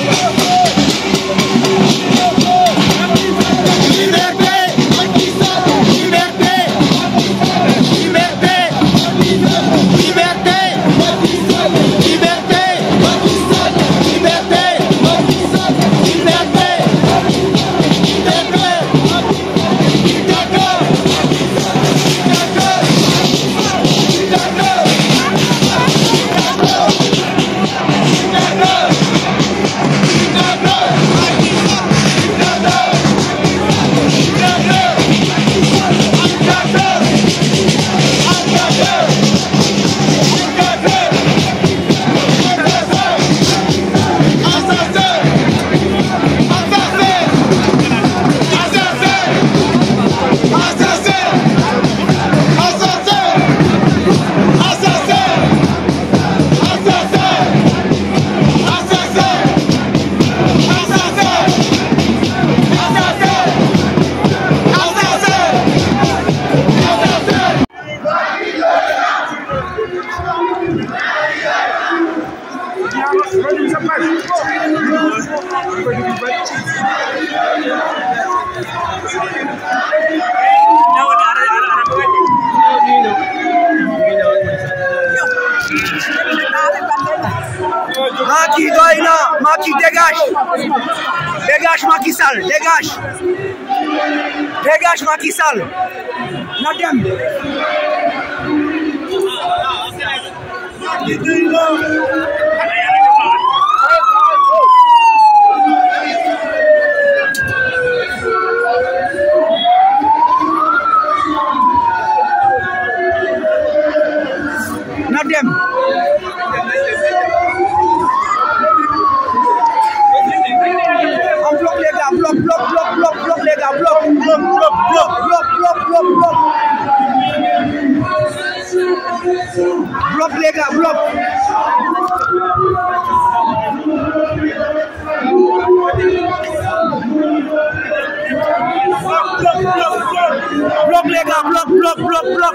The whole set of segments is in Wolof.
Thank you. Marina, Macky dégage dégage Macky Sall dégage dégage Macky Sall na dem na dem bloc bloc bloc bloc bloc les gars bloc bloc bloc bloc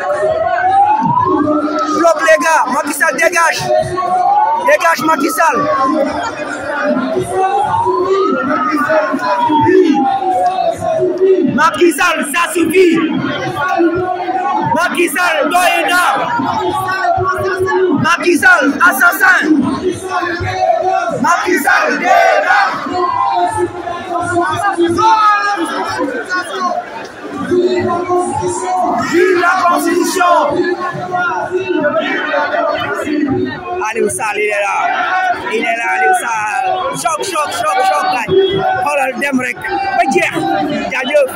suffit Macky Sall doy na Macky Sall assassin Macky Sall dee na Vive la Constitution Aliou Sall il est là il est là Aliou Sall soog soog soog soog laaj xoolal dem rek ba jeex jaajëf